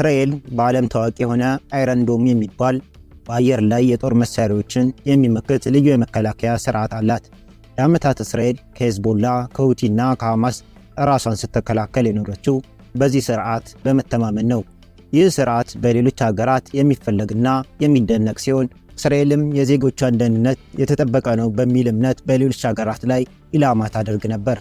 እስራኤል በዓለም ታዋቂ የሆነ አይረንዶም የሚባል በአየር ላይ የጦር መሳሪያዎችን የሚመክት ልዩ የመከላከያ ስርዓት አላት። ለዓመታት እስራኤል ከሄዝቦላ ከሁቲና ከሐማስ ራሷን ስትከላከል የኖረችው በዚህ ስርዓት በመተማመን ነው። ይህ ስርዓት በሌሎች ሀገራት የሚፈለግና የሚደነቅ ሲሆን እስራኤልም የዜጎቿን ደህንነት የተጠበቀ ነው በሚል እምነት በሌሎች ሀገራት ላይ ኢላማ ታደርግ ነበር።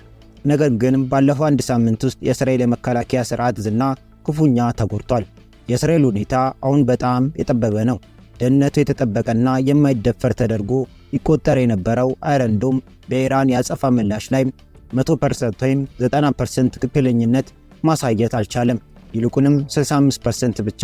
ነገር ግን ባለፈው አንድ ሳምንት ውስጥ የእስራኤል የመከላከያ ስርዓት ዝና ክፉኛ ተጎድቷል። የእስራኤል ሁኔታ አሁን በጣም የጠበበ ነው። ደህንነቱ የተጠበቀና የማይደፈር ተደርጎ ይቆጠር የነበረው አይረንዶም በኢራን የአጸፋ ምላሽ ላይ 100% ወይም 90% ትክክለኝነት ማሳየት አልቻለም። ይልቁንም 65% ብቻ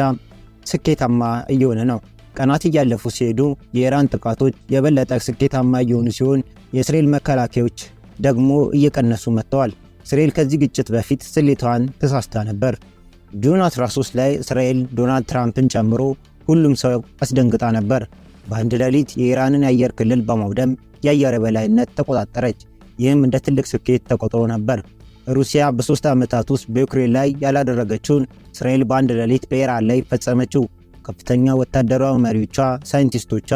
ስኬታማ እየሆነ ነው። ቀናት እያለፉ ሲሄዱ የኢራን ጥቃቶች የበለጠ ስኬታማ እየሆኑ ሲሆን፣ የእስራኤል መከላከያዎች ደግሞ እየቀነሱ መጥተዋል። እስራኤል ከዚህ ግጭት በፊት ስሌቷን ተሳስታ ነበር። ጁን 13 ላይ እስራኤል ዶናልድ ትራምፕን ጨምሮ ሁሉም ሰው አስደንግጣ ነበር። በአንድ ሌሊት የኢራንን የአየር ክልል በማውደም የአየር በላይነት ተቆጣጠረች። ይህም እንደ ትልቅ ስኬት ተቆጥሮ ነበር። ሩሲያ በሦስት ዓመታት ውስጥ በዩክሬን ላይ ያላደረገችውን እስራኤል በአንድ ሌሊት በኢራን ላይ ፈጸመችው። ከፍተኛ ወታደራዊ መሪዎቿ፣ ሳይንቲስቶቿ፣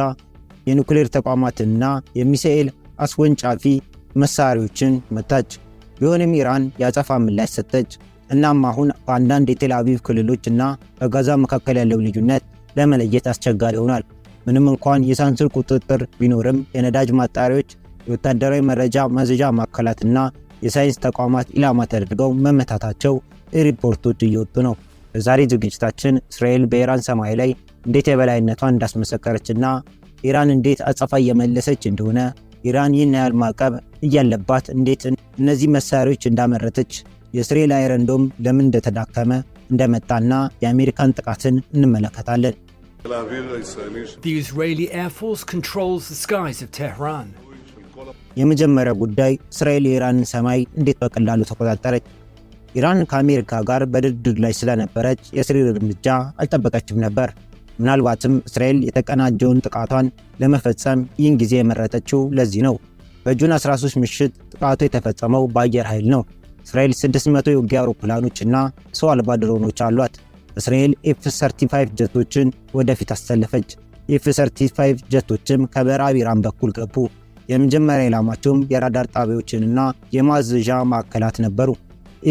የኒውክሌር ተቋማትና የሚሳኤል አስወንጫፊ መሳሪያዎችን መታች። ቢሆንም ኢራን የአጸፋ ምላሽ ሰጠች። እናም አሁን በአንዳንድ አቪቭ ክልሎች እና በጋዛ መካከል ያለው ልዩነት ለመለየት አስቸጋሪ ሆኗል። ምንም እንኳን የሳንስር ቁጥጥር ቢኖርም የነዳጅ ማጣሪያዎች፣ የወታደራዊ መረጃ መዘዣ ማዕከላትና የሳይንስ ተቋማት ኢላማ ተደርገው መመታታቸው ሪፖርቶች እየወጡ ነው። በዛሬ ዝግጅታችን እስራኤል በኢራን ሰማይ ላይ እንዴት የበላይነቷን እንዳስመሰከረችና ኢራን እንዴት አጸፋ እየመለሰች እንደሆነ ኢራን ይህን ያህል ማዕቀብ እያለባት እንዴት እነዚህ መሳሪያዎች እንዳመረተች የእስራኤል አይረን ዶም ለምን እንደተዳከመ እንደመጣና የአሜሪካን ጥቃትን እንመለከታለን። የመጀመሪያ ጉዳይ እስራኤል የኢራንን ሰማይ እንዴት በቀላሉ ተቆጣጠረች? ኢራን ከአሜሪካ ጋር በድርድር ላይ ስለነበረች የእስራኤል እርምጃ አልጠበቀችም ነበር። ምናልባትም እስራኤል የተቀናጀውን ጥቃቷን ለመፈጸም ይህን ጊዜ የመረጠችው ለዚህ ነው። በጁን 13 ምሽት ጥቃቱ የተፈጸመው በአየር ኃይል ነው። እስራኤል 600 የውጊያ አውሮፕላኖች እና ሰው አልባ ድሮኖች አሏት። እስራኤል ኤፍ 35 ጀቶችን ወደፊት አሰለፈች። ኤፍ 35 ጀቶችም ከበራብ ኢራን በኩል ገቡ። የመጀመሪያ ኢላማቸውም የራዳር ጣቢያዎችንና የማዘዣ ማዕከላት ነበሩ።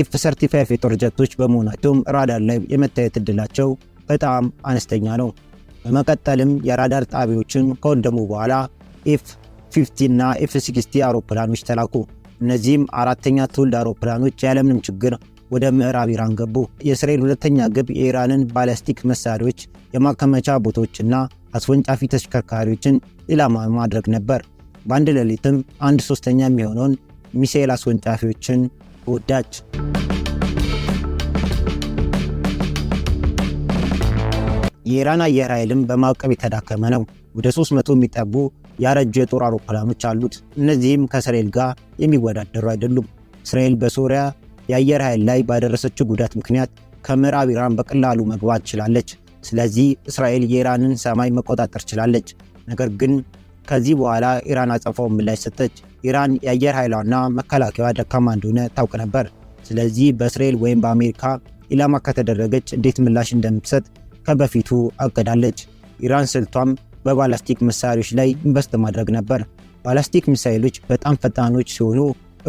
ኤፍ 35 የጦር ጀቶች በመሆናቸውም ራዳር ላይ የመታየት ዕድላቸው በጣም አነስተኛ ነው። በመቀጠልም የራዳር ጣቢያዎችን ከወደሙ በኋላ ኤፍ 50 እና ኤፍ 60 አውሮፕላኖች ተላኩ። እነዚህም አራተኛ ትውልድ አውሮፕላኖች ያለምንም ችግር ወደ ምዕራብ ኢራን ገቡ። የእስራኤል ሁለተኛ ግብ የኢራንን ባላስቲክ መሳሪያዎች፣ የማከመቻ እና አስወንጫፊ ተሽከርካሪዎችን ኢላማ ማድረግ ነበር። በአንድ ሌሊትም አንድ ሶስተኛ የሚሆነውን ሚሳኤል አስወንጫፊዎችን ወዳች። የኢራን አየር ኃይልን በማዕቀብ የተዳከመ ነው። ወደ 300 የሚጠጉ ያረጁ የጦር አውሮፕላኖች አሉት። እነዚህም ከእስራኤል ጋር የሚወዳደሩ አይደሉም። እስራኤል በሶሪያ የአየር ኃይል ላይ ባደረሰችው ጉዳት ምክንያት ከምዕራብ ኢራን በቀላሉ መግባት ችላለች። ስለዚህ እስራኤል የኢራንን ሰማይ መቆጣጠር ችላለች። ነገር ግን ከዚህ በኋላ ኢራን አጸፋውን ምላሽ ሰጠች። ኢራን የአየር ኃይሏና መከላከያዋ ደካማ እንደሆነ ታውቅ ነበር። ስለዚህ በእስራኤል ወይም በአሜሪካ ኢላማ ከተደረገች እንዴት ምላሽ እንደምትሰጥ ከበፊቱ አቅዳለች። ኢራን ስልቷም በባላስቲክ መሳሪያዎች ላይ ኢንቨስት ማድረግ ነበር። ባላስቲክ ሚሳይሎች በጣም ፈጣኖች ሲሆኑ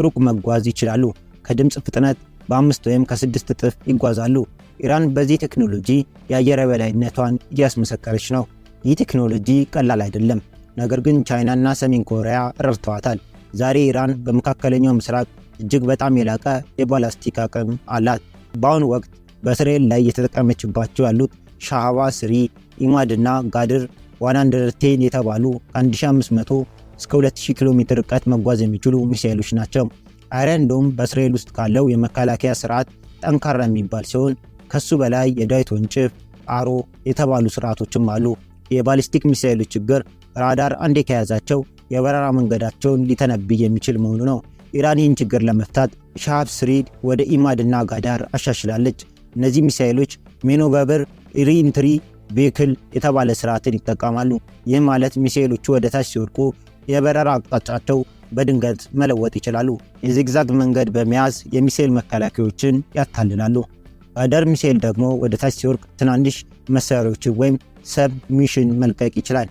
ሩቅ መጓዝ ይችላሉ። ከድምፅ ፍጥነት በአምስት ወይም ከስድስት እጥፍ ይጓዛሉ። ኢራን በዚህ ቴክኖሎጂ የአየር የበላይነቷን እያስመሰከረች ነው። ይህ ቴክኖሎጂ ቀላል አይደለም፣ ነገር ግን ቻይናና ሰሜን ኮሪያ ረድተዋታል። ዛሬ ኢራን በመካከለኛው ምስራቅ እጅግ በጣም የላቀ የባላስቲክ አቅም አላት። በአሁኑ ወቅት በእስራኤል ላይ የተጠቀመችባቸው ያሉት ሻዕባ ስሪ፣ ኢማድ እና ጋድር ዋና እንደርቴን የተባሉ ከ1500 እስከ 2000 ኪሎ ሜትር ርቀት መጓዝ የሚችሉ ሚሳኤሎች ናቸው። አይረን ዶም በእስራኤል ውስጥ ካለው የመከላከያ ስርዓት ጠንካራ የሚባል ሲሆን ከሱ በላይ የዳዊት ወንጭፍ አሮ የተባሉ ስርዓቶችም አሉ። የባሊስቲክ ሚሳኤሎች ችግር ራዳር አንዴ ከያዛቸው የበረራ መንገዳቸውን ሊተነብይ የሚችል መሆኑ ነው። ኢራን ይህን ችግር ለመፍታት ሻሃብ ስሪድ ወደ ኢማድ ጋዳር አሻሽላለች። እነዚህ ሚሳይሎች ሜኖበብር ሪኢንትሪ ቬክል የተባለ ስርዓትን ይጠቀማሉ። ይህ ማለት ሚሳኤሎቹ ወደ ታች ሲወድቁ የበረራ አቅጣጫቸው በድንገት መለወጥ ይችላሉ። የዚግዛግ መንገድ በመያዝ የሚሳኤል መከላከያዎችን ያታልላሉ። ራዳር ሚሳኤል ደግሞ ወደ ታች ሲወድቅ ትናንሽ መሳሪያዎችን ወይም ሰብ ሚሽን መልቀቅ ይችላል።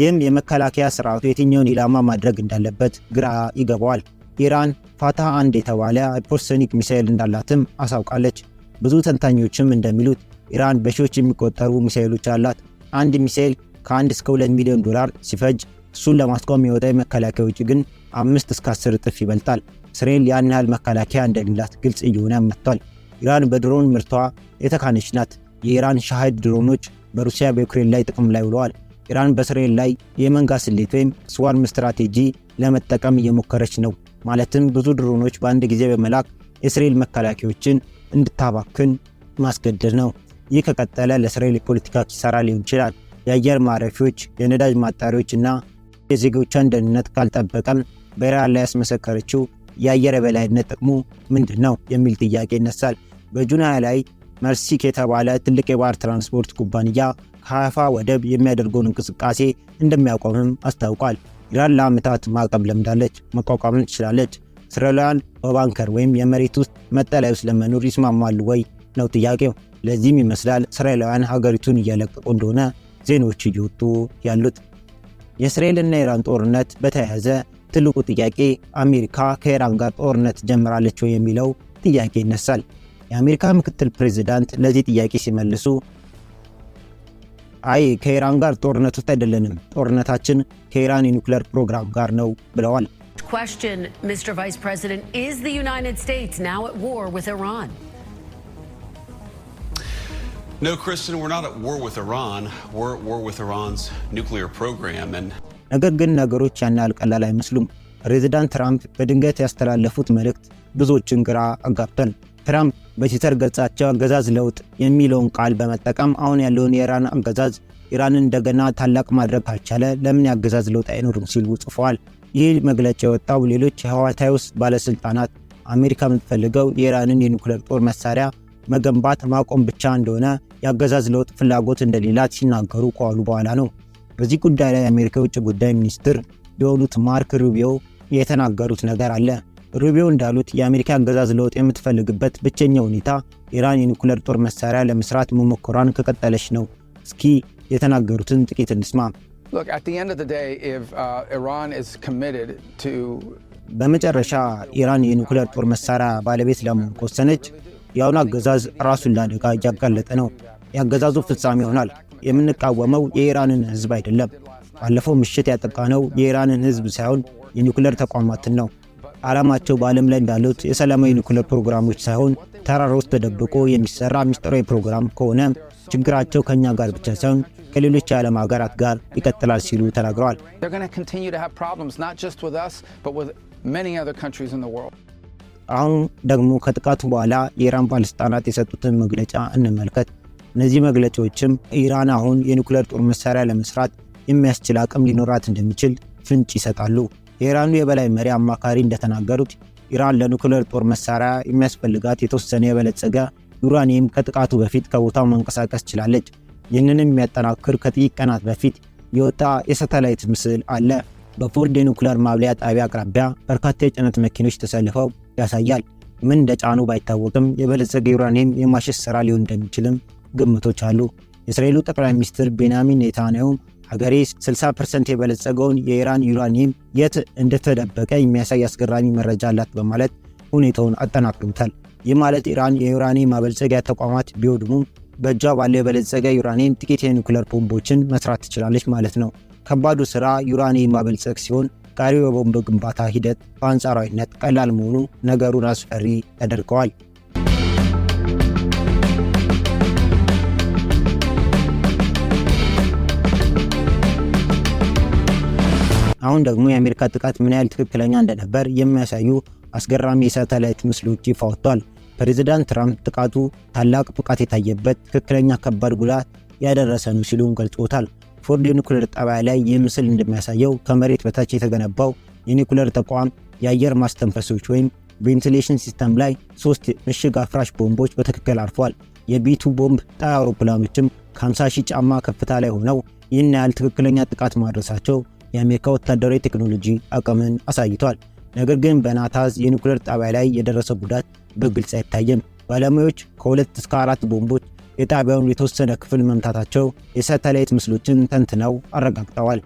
ይህም የመከላከያ ስርዓቱ የትኛውን ኢላማ ማድረግ እንዳለበት ግራ ይገባዋል። ኢራን ፋታ አንድ የተባለ ሃይፐርሶኒክ ሚሳኤል እንዳላትም አሳውቃለች። ብዙ ተንታኞችም እንደሚሉት ኢራን በሺዎች የሚቆጠሩ ሚሳኤሎች አላት። አንድ ሚሳኤል ከ1 እስከ 2 ሚሊዮን ዶላር ሲፈጅ እሱን ለማስቆም የወጣ የመከላከያ ውጭ ግን አምስት እስከ 10 እጥፍ ይበልጣል። እስራኤል ያን ያህል መከላከያ እንደሌላት ግልጽ እየሆነ መጥቷል። ኢራን በድሮን ምርቷ የተካነች ናት። የኢራን ሻሃድ ድሮኖች በሩሲያ በዩክሬን ላይ ጥቅም ላይ ውለዋል። ኢራን በእስራኤል ላይ የመንጋ ስሌት ወይም ስዋርም ስትራቴጂ ለመጠቀም እየሞከረች ነው። ማለትም ብዙ ድሮኖች በአንድ ጊዜ በመላክ የእስራኤል መከላከያዎችን እንድታባክን ማስገደድ ነው። ይህ ከቀጠለ ለእስራኤል የፖለቲካ ኪሳራ ሊሆን ይችላል። የአየር ማረፊዎች የነዳጅ ማጣሪዎች እና የዜጎቿን ደህንነት ካልጠበቀም በኢራን ላይ ያስመሰከረችው የአየር የበላይነት ጥቅሙ ምንድን ነው የሚል ጥያቄ ይነሳል። በጁናያ ላይ መርሲክ የተባለ ትልቅ የባህር ትራንስፖርት ኩባንያ ከሀይፋ ወደብ የሚያደርገውን እንቅስቃሴ እንደሚያቆምም አስታውቋል። ኢራን ለአመታት ማዕቀብ ለምዳለች፣ መቋቋም ትችላለች። እስራኤላውያን በባንከር ወይም የመሬት ውስጥ መጠለያ ውስጥ ለመኖር ይስማማሉ ወይ ነው ጥያቄው። ለዚህም ይመስላል እስራኤላውያን ሀገሪቱን እያለቀቁ እንደሆነ ዜናዎች እየወጡ ያሉት። የእስራኤልና ኢራን ጦርነት በተያያዘ ትልቁ ጥያቄ አሜሪካ ከኢራን ጋር ጦርነት ጀምራለች ወይ የሚለው ጥያቄ ይነሳል። የአሜሪካ ምክትል ፕሬዚዳንት ለዚህ ጥያቄ ሲመልሱ አይ ከኢራን ጋር ጦርነት ውስጥ አይደለንም፣ ጦርነታችን ከኢራን የኒውክሌር ፕሮግራም ጋር ነው ብለዋል። No, Kristen, we're not at war with Iran. We're at war with Iran's nuclear program and ነገር ግን ነገሮች ያን ያህል ቀላል አይመስሉም። ፕሬዚዳንት ትራምፕ በድንገት ያስተላለፉት መልእክት ብዙዎችን ግራ አጋብቷል። ትራምፕ በትዊተር ገጻቸው አገዛዝ ለውጥ የሚለውን ቃል በመጠቀም አሁን ያለውን የኢራን አገዛዝ ኢራንን እንደገና ታላቅ ማድረግ ካልቻለ ለምን የአገዛዝ ለውጥ አይኖርም ሲሉ ጽፈዋል። ይህ መግለጫ የወጣው ሌሎች የህዋታይ ውስጥ ባለስልጣናት አሜሪካ የምትፈልገው የኢራንን የኒኩሌር ጦር መሳሪያ መገንባት ማቆም ብቻ እንደሆነ የአገዛዝ ለውጥ ፍላጎት እንደሌላት ሲናገሩ ከዋሉ በኋላ ነው። በዚህ ጉዳይ ላይ የአሜሪካ የውጭ ጉዳይ ሚኒስትር የሆኑት ማርክ ሩቢዮ የተናገሩት ነገር አለ። ሩቢዮ እንዳሉት የአሜሪካ አገዛዝ ለውጥ የምትፈልግበት ብቸኛ ሁኔታ ኢራን የኒኩለር ጦር መሳሪያ ለመስራት መሞከሯን ከቀጠለች ነው። እስኪ የተናገሩትን ጥቂት እንስማ። uh, በመጨረሻ ኢራን የኒኩለር ጦር መሳሪያ ባለቤት ለመሆን ከወሰነች የአሁኑ አገዛዝ ራሱን ለአደጋ እያጋለጠ ነው። የአገዛዙ ፍጻሜ ይሆናል። የምንቃወመው የኢራንን ህዝብ አይደለም። ባለፈው ምሽት ያጠቃነው የኢራንን ህዝብ ሳይሆን የኒውክሌር ተቋማትን ነው። ዓላማቸው በዓለም ላይ እንዳሉት የሰላማዊ ኒውክሌር ፕሮግራሞች ሳይሆን ተራራ ውስጥ ተደብቆ የሚሰራ ምስጢራዊ ፕሮግራም ከሆነ ችግራቸው ከእኛ ጋር ብቻ ሳይሆን ከሌሎች የዓለም ሀገራት ጋር ይቀጥላል ሲሉ ተናግረዋል። አሁን ደግሞ ከጥቃቱ በኋላ የኢራን ባለስልጣናት የሰጡትን መግለጫ እንመልከት። እነዚህ መግለጫዎችም ኢራን አሁን የኒኩሌር ጦር መሳሪያ ለመስራት የሚያስችል አቅም ሊኖራት እንደሚችል ፍንጭ ይሰጣሉ። የኢራኑ የበላይ መሪ አማካሪ እንደተናገሩት ኢራን ለኒኩሌር ጦር መሳሪያ የሚያስፈልጋት የተወሰነ የበለጸገ ዩራኒየም ከጥቃቱ በፊት ከቦታው መንቀሳቀስ ችላለች። ይህንንም የሚያጠናክር ከጥቂት ቀናት በፊት የወጣ የሳተላይት ምስል አለ። በፎርድ የኒኩሌር ማብለያ ጣቢያ አቅራቢያ በርካታ የጭነት መኪኖች ተሰልፈው ያሳያል። ምን እንደጫኑ ባይታወቅም የበለጸገ ዩራኒየም የማሸሽ ስራ ሊሆን እንደሚችልም ግምቶች አሉ። የእስራኤሉ ጠቅላይ ሚኒስትር ቤንያሚን ኔታንያሁ ሀገሬ 60 ፐርሰንት የበለጸገውን የኢራን ዩራኒየም የት እንደተደበቀ የሚያሳይ አስገራሚ መረጃ አላት በማለት ሁኔታውን አጠናክሩታል። ይህ ማለት ኢራን የዩራኒየም ማበልጸጊያ ተቋማት ቢወድሙ በእጇ ባለ የበለጸገ ዩራኒየም ጥቂት የኒኩለር ቦምቦችን መስራት ትችላለች ማለት ነው። ከባዱ ስራ ዩራኒየም ማበልጸግ ሲሆን ቀሪው የቦምብ ግንባታ ሂደት በአንጻራዊነት ቀላል መሆኑ ነገሩን አስፈሪ ተደርገዋል። አሁን ደግሞ የአሜሪካ ጥቃት ምን ያህል ትክክለኛ እንደነበር የሚያሳዩ አስገራሚ የሳተላይት ምስሎች ይፋ ወጥቷል። ፕሬዚዳንት ትራምፕ ጥቃቱ ታላቅ ብቃት የታየበት ትክክለኛ ከባድ ጉዳት ያደረሰ ነው ሲሉም ገልጾታል። ፎርድ የኒኩሌር ጣቢያ ላይ ይህ ምስል እንደሚያሳየው ከመሬት በታች የተገነባው የኒኩሌር ተቋም የአየር ማስተንፈሶች ወይም ቬንቲሌሽን ሲስተም ላይ ሶስት ምሽግ አፍራሽ ቦምቦች በትክክል አርፏል። የቢቱ ቦምብ ጣይ አውሮፕላኖችም ከ50 ሺህ ጫማ ከፍታ ላይ ሆነው ይህን ያህል ትክክለኛ ጥቃት ማድረሳቸው የአሜሪካ ወታደራዊ ቴክኖሎጂ አቅምን አሳይቷል። ነገር ግን በናታዝ የኒኩሌር ጣቢያ ላይ የደረሰ ጉዳት በግልጽ አይታየም። ባለሙያዎች ከሁለት እስከ አራት ቦምቦች የጣቢያውን የተወሰነ ክፍል መምታታቸው የሳተላይት ምስሎችን ተንትነው አረጋግጠዋል።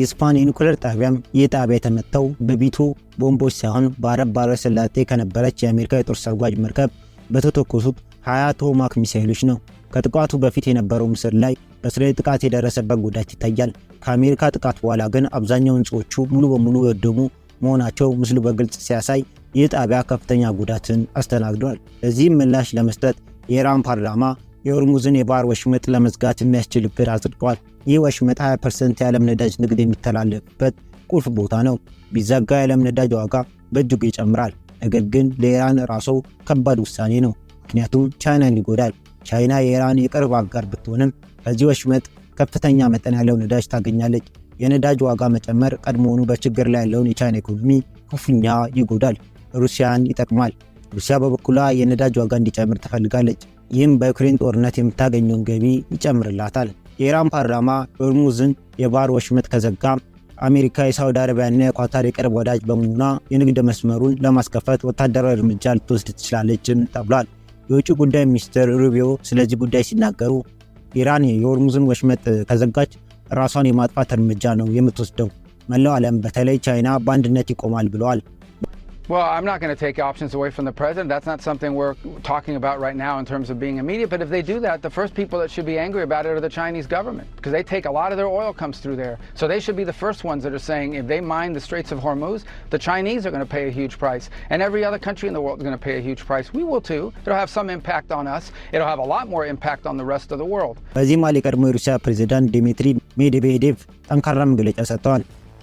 የስፓን የኒኩሌር ጣቢያም ይህ ጣቢያ የተመተው በቢቱ ቦምቦች ሳይሆን በአረብ ባሕረ ሰላጤ ከነበረች የአሜሪካ የጦር ሰርጓጅ መርከብ በተተኮሱት ሀያ ቶማክ ሚሳይሎች ነው። ከጥቃቱ በፊት የነበረው ምስል ላይ በእስራኤል ጥቃት የደረሰበት ጉዳት ይታያል። ከአሜሪካ ጥቃት በኋላ ግን አብዛኛው ሕንፃዎቹ ሙሉ በሙሉ የወደሙ መሆናቸው ምስሉ በግልጽ ሲያሳይ፣ ይህ ጣቢያ ከፍተኛ ጉዳትን አስተናግዷል። ለዚህም ምላሽ ለመስጠት የኢራን ፓርላማ የኦርሙዝን የባህር ወሽመጥ ለመዝጋት የሚያስችል ብር አጽድቋል። ይህ ወሽመጥ 20 ፐርሰንት የዓለም ነዳጅ ንግድ የሚተላለፍበት ቁልፍ ቦታ ነው። ቢዘጋ የዓለም ነዳጅ ዋጋ በእጅጉ ይጨምራል። ነገር ግን ለኢራን ራሶ ከባድ ውሳኔ ነው፣ ምክንያቱም ቻይናን ይጎዳል። ቻይና የኢራን የቅርብ አጋር ብትሆንም ከዚህ ወሽመጥ ከፍተኛ መጠን ያለው ነዳጅ ታገኛለች። የነዳጅ ዋጋ መጨመር ቀድሞውኑ በችግር ላይ ያለውን የቻይና ኢኮኖሚ ክፉኛ ይጎዳል፣ ሩሲያን ይጠቅማል። ሩሲያ በበኩሏ የነዳጅ ዋጋ እንዲጨምር ትፈልጋለች። ይህም በዩክሬን ጦርነት የምታገኘውን ገቢ ይጨምርላታል። የኢራን ፓርላማ ሆርሙዝን የባህር ወሽመጥ ከዘጋ አሜሪካ የሳውዲ አረቢያና የኳታር የቅርብ ወዳጅ በመሆኗ የንግድ መስመሩን ለማስከፈት ወታደራዊ እርምጃ ልትወስድ ትችላለችም ተብሏል። የውጭ ጉዳይ ሚኒስትር ሩቢዮ ስለዚህ ጉዳይ ሲናገሩ ኢራን የሆርሙዝን ወሽመጥ ከዘጋች ራሷን የማጥፋት እርምጃ ነው የምትወስደው፣ መላው ዓለም በተለይ ቻይና በአንድነት ይቆማል ብለዋል። Well, I'm not going to take options away from the president. That's not something we're talking about right now in terms of being immediate. But if they do that, the first people that should be angry about it are the Chinese government because they take a lot of their oil comes through there. So they should be the first ones that are saying if they mine the Straits of Hormuz, the Chinese are going to pay a huge price. And every other country in the world is going to pay a huge price. We will too. It'll have some impact on us. It'll have a lot more impact on the rest of the world. President Dmitry Medvedev,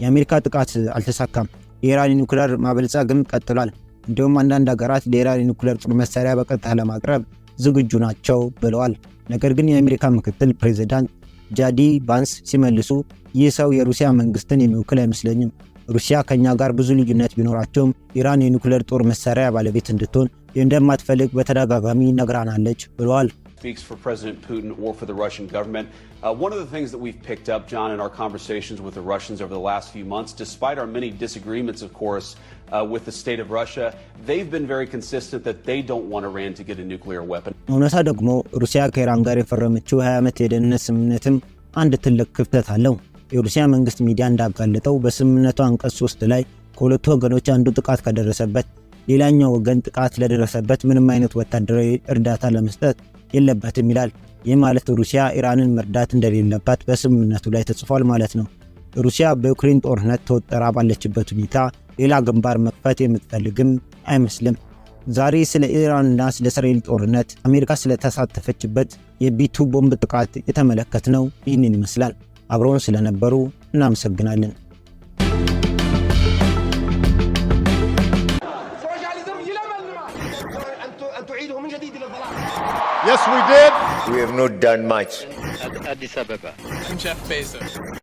የአሜሪካ ጥቃት አልተሳካም የኢራን ኒውክሌር ማበልጸግም ቀጥሏል። እንዲሁም አንዳንድ ሀገራት ለኢራን የኒውክሌር ጦር መሳሪያ በቀጥታ ለማቅረብ ዝግጁ ናቸው ብለዋል። ነገር ግን የአሜሪካ ምክትል ፕሬዚዳንት ጃዲ ባንስ ሲመልሱ ይህ ሰው የሩሲያ መንግስትን የሚወክል አይመስለኝም። ሩሲያ ከእኛ ጋር ብዙ ልዩነት ቢኖራቸውም ኢራን የኒኩሌር ጦር መሳሪያ ባለቤት እንድትሆን እንደማትፈልግ በተደጋጋሚ ነግራናለች ብለዋል። speaks for President Putin or for the Russian government. Uh, one of the things that we've picked up, John, in our conversations with the Russians over the last few months, despite our many disagreements, of course, uh, with the state of Russia, they've been very consistent that they don't want Iran to get a nuclear weapon. እውነታ ደግሞ ሩሲያ ከኢራን ጋር የፈረመችው 20 ዓመት የደህንነት ስምምነትም አንድ ትልቅ ክፍተት አለው። የሩሲያ መንግስት ሚዲያ እንዳጋለጠው በስምምነቱ አንቀጽ 3 ላይ ከሁለቱ ወገኖች አንዱ ጥቃት ከደረሰበት ሌላኛው ወገን ጥቃት ለደረሰበት ምንም አይነት ወታደራዊ እርዳታ ለመስጠት የለበትም ይላል። ይህ ማለት ሩሲያ ኢራንን መርዳት እንደሌለባት በስምምነቱ ላይ ተጽፏል ማለት ነው። ሩሲያ በዩክሬን ጦርነት ተወጠራ ባለችበት ሁኔታ ሌላ ግንባር መክፈት የምትፈልግም አይመስልም። ዛሬ ስለ ኢራንና ስለ እስራኤል ጦርነት አሜሪካ ስለተሳተፈችበት የቢቱ ቦምብ ጥቃት የተመለከትነው ይህንን ይመስላል። አብረውን ስለነበሩ እናመሰግናለን። Yes, we did. We have not done much. Addis Ababa. I'm Jeff Bezos.